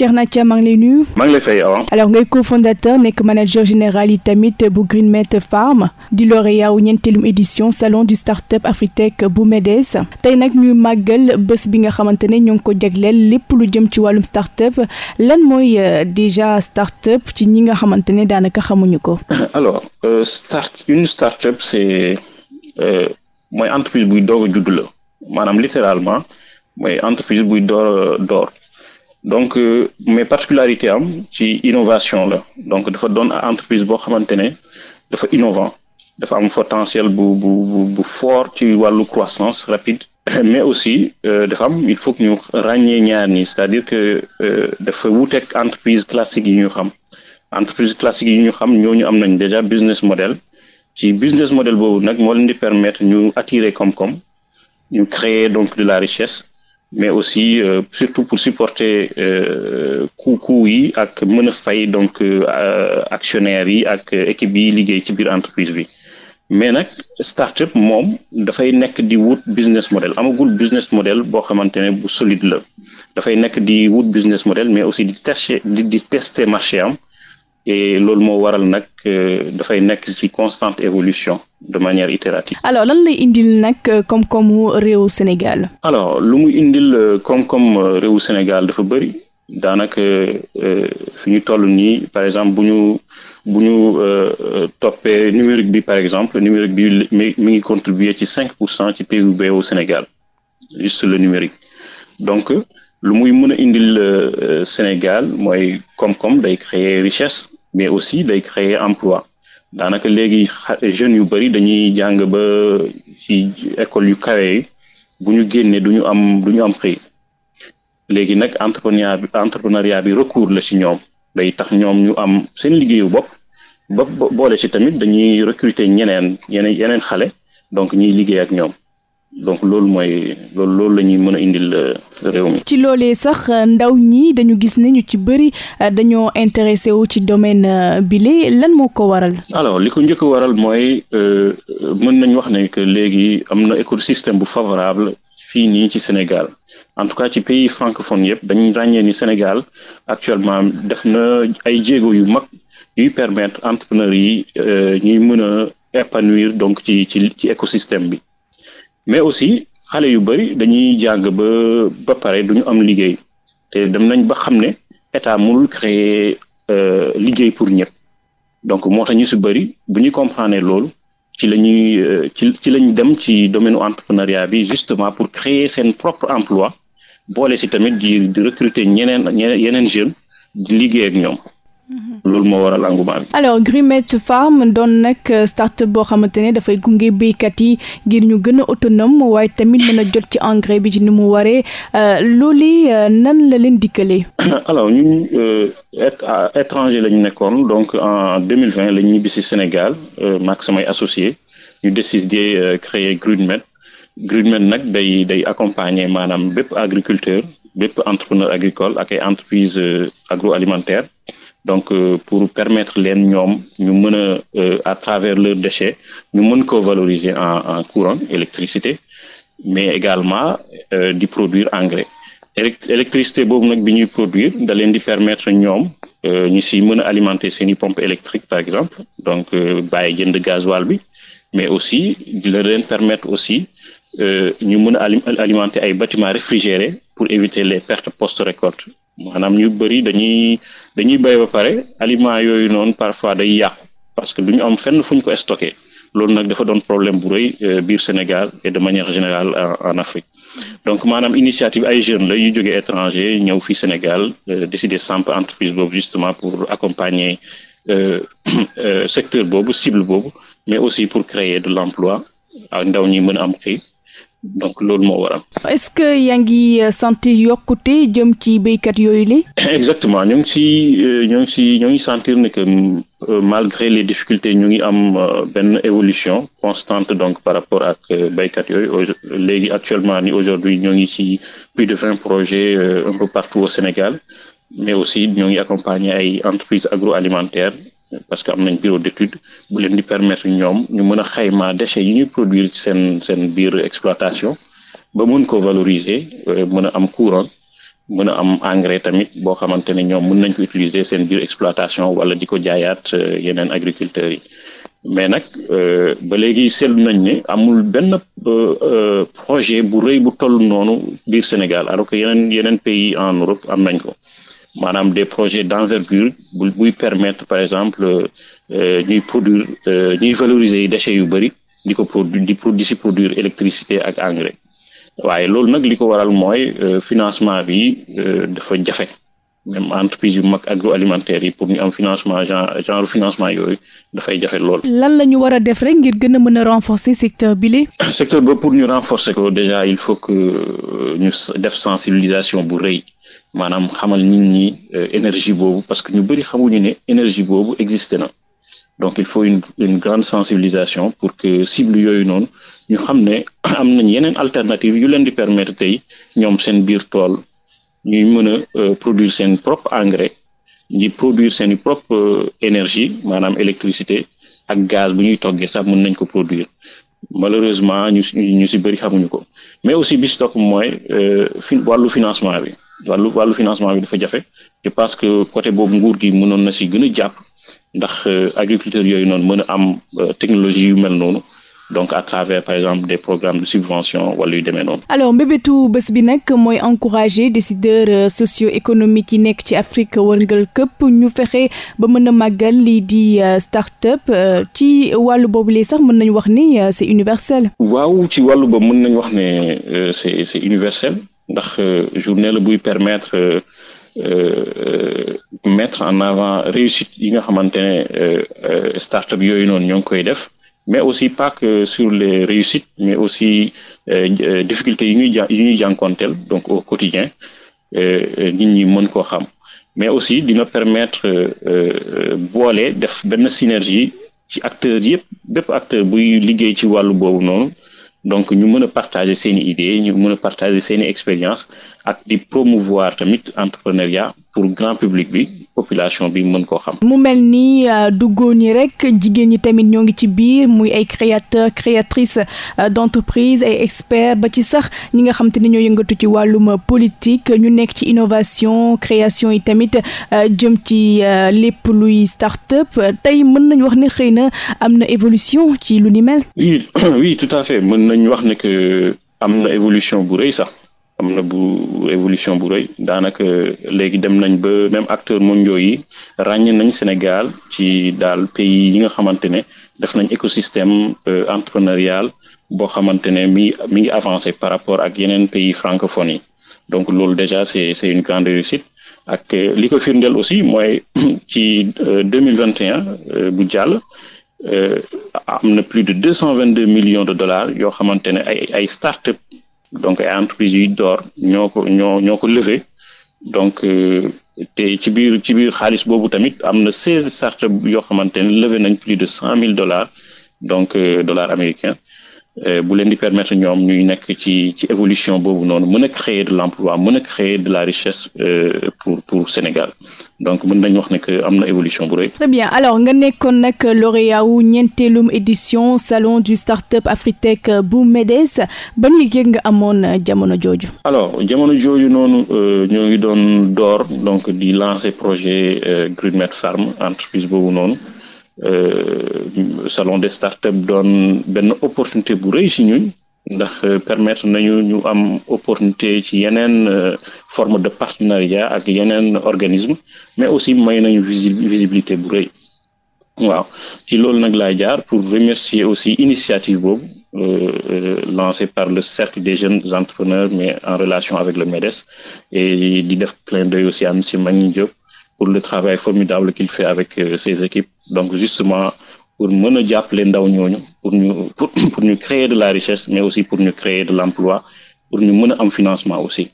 Cheikhna na maa ngi lay nuyu. maa ngi lay fay Awa. alors ngay cofondateur nekk manager général yi tamit bu Greenmet Farm di lauréat wu ñeenteelum édition salon du startup Afritech bu MEDES tey nag ñuy màggal bés bi nga xamante ne ñoo ngi ko jagleel lépp lu jëm ci wàllum startup lan mooy euh, déjà startup ci ñi nga xamante ne daanaka xamuñu ko. alors euh, start une startup c'est euh, mooy entreprise buy doog a judd la maanaam littéralement mooy entreprise buy door euh, door. donc euh, mais particularité am ci innovation la donc dafa doon entreprise boo xamante ne dafa innovant dafa am potentiel bu bu bu fort ci wàllu croissance rapide mais aussi euh, dafa am il faut que ñu ràññee ñaar ñi c'est-à-dire que euh, dafa wuuteeg entreprise classique yi ñu xam entreprise classique yi ñu xam ñooñu am nañ déjà business model ci business model boobu nag moo leen di permettre ñu attirer koom-koom ñu créer donc de la richesse mais aussi euh, surtout pour supporter coût euh, coût yi ak mën fay donc euh, actionnaires yi ak équipe yi liggéey ci biir entreprise bi mais nag startup moom dafay nekk di wut business model amagul business model boo xamante ne bu solid la dafay nekk di wut business model mais aussi di tester di di tester marché am. et loolu moo waral nag euh, dafay nekk ci constante évolution de manière itérative. alors lan lay indil nag euh, koom-koomu réewu Sénégal. alors lu mu indil euh, koom-koom réewu Sénégal dafa bëri daanaka fi ñu toll nii par exemple bu ñu bu ñu toppee numérique bi par exemple numérique bi mi ngi contribuer ci cinq pour cent ci PIB au Sénégal juste le numérique donc. lu muy mën a indil euh, Sénégal mooy koom-koom day créer richesse mais aussi day créer emploi daanaka léegi jeunes yu bëri dañuy jàng ba ci école yu kawe bu ñu génnee du ñu am du ñu am xëy léegi nag entrepreneur bi entrepreneuriat bi recours la ci ñoom day tax ñoom ñu am seen liggéeyu bopp ba boole ci tamit dañuy recruter ñeneen yeneen yeneen xale donc ñuy liggéey ak ñoom donc loolu mooy loolu loolu la ñuy mën a indil euh, réew mi. ci loolee sax euh, ndaw ñi dañu gis ne ñu ci bëri euh, dañoo intéressé wu ci domaine bile lan moo ko waral. alors li ko njëkk waral mooy mën nañ wax ne que léegi am na écosystème bu favorable fii nii ci Sénégal en tout cas ci pays francophone yëpp dañu ràññee ni Sénégal actuellement def na ay jéego yu mag yuy permettre entrepreneur yi ñuy mën a épanouir donc ci ci ci écosystème bi. mais aussi xale yu bëri dañuy jàng ba ba pare du ñu am liggéey te dem nañ ba xam ne état mu mënul créer euh, liggéey pour ñëpp donc moo tax ñu su bëri bu ñu comprender loolu ci la ñuy euh, ci ci lañ dem ci domaine entrepreneuriat bi justement pour créer seen propre emploi boole si tamit di di recruter ñeneen yeneen jeunes di liggéey ak ñoom loolu moo waral engouement bi. alors Grumete Farm doon nag euh, start boo xamante ne dafay gunge béykat yi ngir ñu gën a autonome waaye tamit mën a jot ci engrais bi ci ni mu waree euh, loolu euh, nan la leen dikkalee. alors ñun étranger la ñu nekkoon donc en deux mille vingt la ñu ñibbi si Sénégal maak samay associé ñu de créer Grumete Grumete nag day day accompagner maanaam bépp agriculteur bépp entrepreneur agricole ak ay agro alimentaire donc euh, pour permettre leen ñoom ñu mën a euh, à travers leurs déchets ñu mën ko valoriser en en courant électricité mais également euh, di produire engrais électricité boobu nag bi ñuy produire da leen di permettre ñoom euh, ñu si mën a alimenter seen i pompe électrique par exemple donc euh, bàyyi jënd gasoil bi mais aussi di leen permettre aussi ñu mën a alimenter ay bâtiments réfrigérés pour éviter les pertes post récolte maanaam ñu bëri dañuy dañuy béy ba pare aliment yooyu noonu parfois day yàqu parce que du ñu am fenn fu ñu ko stocké loolu nag dafa doon problème bu rëy euh, biir Sénégal et de manière générale en Afrique donc maanaam initiative ay jeunes la yu jógee étranger ñëw fii Sénégal euh, décider samp entreprise boobu justement pour accompagner euh, secteur boobu cible boobu mais aussi pour créer de l'emploi ak ndaw ñi mën a am xëy donc loolu moo waral. est-ce que yaa ngi euh, sentir yokkute jëm ci béykat yooyu li exactement ñu ngi si euh, ñu ngi si ñu ngi sentir ne que euh, malgré les difficultés ñu ngi am benn évolution constante donc par rapport ak béykat yooyu léegi actuellement ni aujourd'hui ñoo ngi ci plus de vingt projet un partout au Sénégal mais aussi ñoo ngi accompagner ay entreprises agroalimentaires. parce que am nañ bureau d'étude bu leen di permettre ñoom ñu mën a xayma déchets yi ñuy produire seen seen biir exploitation ba mën ko valoriser euh, mën a am courant mën a am engrais tamit boo xamante ne ñoom mën nañ ko utiliser seen biir exploitation wala di ko jaayaat euh, yeneen agriculteurs yi mais nag euh, ba léegi seetlu nañ ne amul benn projet bu rëy bu toll noonu biir Sénégal alors que yeneen yeneen pays en Europe am nañ ko maanaam des projet d'envergure buy permettre par exemple euh, ñuy produire euh, ñuy valoriser déchets yu bëri di ko produire di di si produire électricité ak engrais waaye loolu nag li ko waral mooy euh, financement bi dafa jafe même entreprise yu mag agroalimentaire yi pour ñu am financement genre genre financement yooyu dafay jafe lool. lan la ñu war a def rek ngir gën a mën a renforcer secteur bi li secteur ba pour ñu renforcer ko déjà il faut que ñu def sensibilisation bu rëy. maanaam xamal nit ñi euh, énergie boobu parce que ñu bëri xamuñu ne énergie boobu existe na donc il faut une grande sensibilisation pour que cible yooyu noonu ñu xam ne am nañ yeneen alternative yu leen di permettre tey ñoom seen biir tool ñuy mën a euh, produire seen propre engrais di produire seen propre euh, énergie maanaam électricité ak gaz bu ñuy toggee sax mën nañ ko produire malheureusement ñu si ñu si bëri xamuñu ko mais aussi bi topp mooy fi wàllu financement bi. wàllu wàllu financement bi dafa jafe je pense que côté boobu nguur gi mënoon na si gën a jàpp ndax euh, agriculteurs yooyu noonu mën a am euh, technologie yu mel noonu donc à travers par exemple des programmes de subvention wala yu demee noonu. alors mbébétu bés bi nag mooy encourager décideurs euh, socio-économiques yi nekk ci Afrique wërngal këpp ñu fexe ba mën a màggal lii di start-up ci wàllu boobu lee sax mën nañu wax ni c'est universel. waaw ci wàllu boobu mën nañu wax ne c'est c'est universel. ndax euh, journée la buy permettre euh, euh, mettre en avant réussite yi nga xamante ne start-up yooyu noonu ñoo ngi koy def mais aussi pas que sur les réussites mais aussi difficultés yi ñuy yi ñuy jànkonteel donc au quotidien nit ñi mën koo xam mais aussi dina permettre boole def benn synergie ci acteur yëpp bépp acteur buy liggéey ci wàllu boobu noonu donc ñu mën a partager seen i idées ñu mën a partager seen i expérience ak di promouvoir tamit entrepreneuriat pour grand public bi population bi mën koo xam. mu mel ni euh, du góor ñi rek jigéen ñi tamit ñoo ngi ci biir muy ay créateurs créatrices euh, d'entreprise ay experts ba ci sax ñi nga xam te ne ñoo yëngatu ci wàllum politique ñu nekk ci innovation création yi tamit euh, jëm ci lépp luy start-up tey mën nañu wax ne xëy na am na évolution ci lu ni mel. oui tout à fait mën nañu wax ne que am na évolution bu rëy sax. am na bu évolution bu rëy daanaka euh, léegi dem nañ ba même acteurs mondiaux yi rañ nañ Sénégal ci daal pays yi nga xamante ne def nañ écosystème euh, entrepreneurial boo xamante ne mi mi ngi avancé par rapport ak yeneen pays francophones yi donc loolu déjà c'est c'est une grande réussite ak euh, li ko firndeel aussi mooy ci deux mille vingt et un bu jàll am na plus de deux cent vingt deux millions de dollars yo xamante ay start-up donc entreprise yuy dor ñoo ko ñoo ñoo ko levé donc euh, te ci biir ci biir xaalis boobu tamit am na seize start-up yoo xamante ne levé nañ plus de cent mille dollars donc euh, dollars américain Euh, bu leen di permettre ñoom ñuy nekk ci évolution boobu noonu mën a créer de l'emploi mën a créer de la richesse euh, pour pour Sénégal donc mën nañu wax ne que am na évolution bu rëy. très bien nga nekkoon nag lauréat wu ñeenteelum édition salon du startup Afritech bu MEDES ban yëg-yëg nga amoon jamono jooju. alors jamono jooju noonu euh, ñoo ngi doon door donc di lancer projet GreenMed Farm entreprise boobu noonu. Euh, salon des startups doon benn opportunité bu rëy si ñun ndax euh, permettre nañu ñu am opportunité ci yeneen euh, forme de partenariat ak yeneen organisme mais aussi may nañu visibilité bu rëy waaw ci loolu nag laa jaar pour remercier aussi initiative boobu lancée par le cercle des jeunes entrepreneurs mais en relation avec le MEDES et di def clin d'œil aussi am si Magni Diop pour le travail formidable qu'il fait avec euh, ses équipes donc justement pour mën a jàppale ndaw ñooñu pour ñu pour pour ñu créer de la richesse mais aussi pour ñu créer de l'emploi pour ñu mën a am financement aussi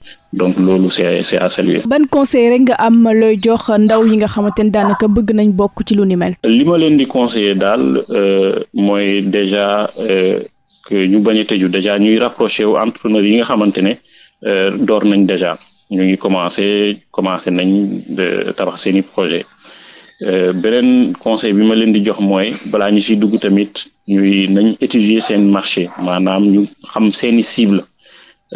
donc loolu c'est c'est à saluer. ban conseil rek nga am looy jox ndaw yi nga xamante ne daanaka bëgg nañ bokk ci lu ni mel. li ma leen di conseiller daal euh, mooy déjà euh, que ñu bañ a tëju déjà ñuy rapproché wu entrepreneur yi nga xamante ne door nañ déjà. ñu ngi commencé commencé nañ tabax seeni projet euh, beneen conseil bi ma leen di jox mooy balaa ñu siy dugg tamit ñuy nañ étudier seen marché maanaam ñu xam seeni cible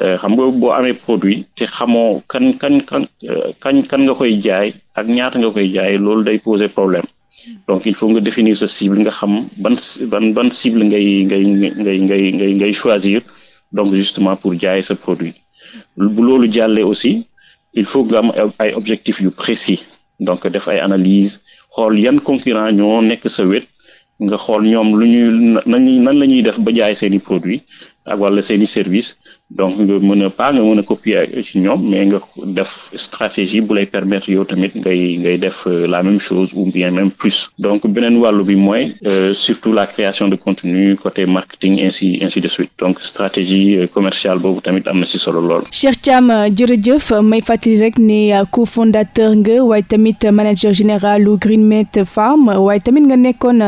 euh, xam nga boo amee produit te xamoo kan kan kan euh, kan kan nga koy jaay ak ñaata nga koy jaay loolu day poser problème donc il faut nga définir sa cible nga xam ban ban ban cible ngay ngay ngay ngay ngay ngay choisir donc justement pour jaay sa produit bu loolu jàllee aussi il faut nga am ay objectifs yu précis donc def ay analyse xool yan concurrent ñoo nekk sa wet nga xool ñoom lu ñuy nan nan la ñuy def ba jaay seeni produits ak wala seen i service donc nga mën a pas nga mën a copier ci ñoom mais nga def stratégie bu lay yow tamit ngay def euh, la même chose ou bien même plus donc beneen wàllu bi mooy euh, surtout la création de contenu côté marketing ainsi ainsi de suite donc stratégie euh, commerciale boobu tamit am na ci solo lool. Cheikh Thiam jërëjëf may fàttali rek ne cofondateur nga waaye tamit manager général u GreenMed Farm waaye tamit nga nekkoon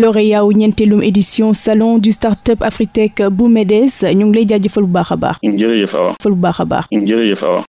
lauréat wu ñeenteelum édition salon du PDS ñu ngi lay jaajëfal bu baax a baax. jërëjëf Awa. bu baax a baax. jërëjëf Awa.